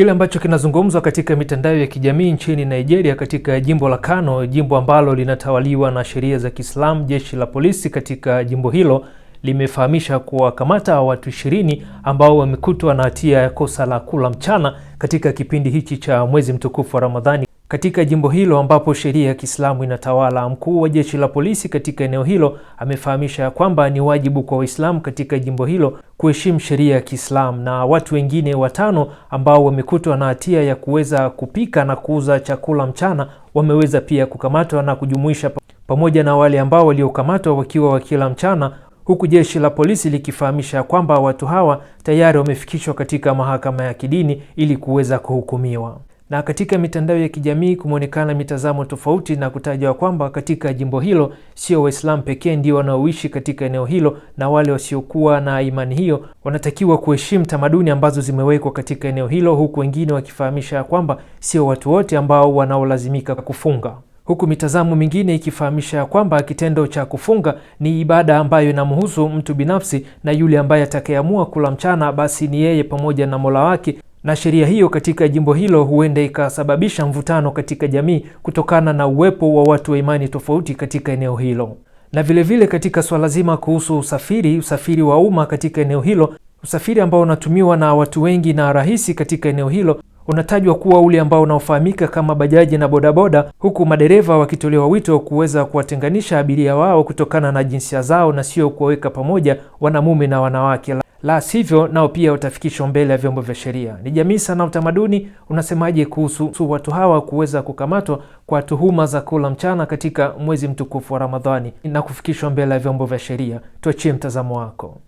Kile ambacho kinazungumzwa katika mitandao ya kijamii nchini Nigeria, katika jimbo la Kano, jimbo ambalo linatawaliwa na sheria za Kiislamu, jeshi la polisi katika jimbo hilo limefahamisha kuwakamata watu ishirini ambao wamekutwa na hatia ya kosa la kula mchana katika kipindi hichi cha mwezi mtukufu wa Ramadhani katika jimbo hilo ambapo sheria ya Kiislamu inatawala. Mkuu wa jeshi la polisi katika eneo hilo amefahamisha ya kwamba ni wajibu kwa Waislamu katika jimbo hilo kuheshimu sheria ya Kiislamu. Na watu wengine watano ambao wamekutwa na hatia ya kuweza kupika na kuuza chakula mchana wameweza pia kukamatwa na kujumuisha pamoja na wale ambao waliokamatwa wakiwa wakila mchana huku jeshi la polisi likifahamisha kwamba watu hawa tayari wamefikishwa katika mahakama ya kidini ili kuweza kuhukumiwa na katika mitandao ya kijamii kumeonekana mitazamo tofauti na kutajwa kwamba katika jimbo hilo sio Waislamu pekee ndio wanaoishi katika eneo hilo, na wale wasiokuwa na imani hiyo wanatakiwa kuheshimu tamaduni ambazo zimewekwa katika eneo hilo, huku wengine wakifahamisha kwamba sio watu wote ambao wanaolazimika kufunga huku mitazamo mingine ikifahamisha kwamba kitendo cha kufunga ni ibada ambayo inamhusu mtu binafsi, na yule ambaye atakayeamua kula mchana basi ni yeye pamoja na Mola wake, na sheria hiyo katika jimbo hilo huenda ikasababisha mvutano katika jamii kutokana na uwepo wa watu wa imani tofauti katika eneo hilo. Na vilevile vile katika swala zima kuhusu usafiri, usafiri wa umma katika eneo hilo, usafiri ambao unatumiwa na watu wengi na rahisi katika eneo hilo unatajwa kuwa ule ambao unaofahamika kama bajaji na bodaboda, huku madereva wakitolewa wito kuweza kuwatenganisha abiria wao kutokana na jinsia zao na sio kuwaweka pamoja wanamume na wanawake la sivyo nao pia watafikishwa mbele ya vyombo vya sheria. Ni jamii sana utamaduni unasemaje kuhusu watu hawa kuweza kukamatwa kwa tuhuma za kula mchana katika mwezi mtukufu wa Ramadhani na kufikishwa mbele ya vyombo vya sheria? Tuachie mtazamo wako.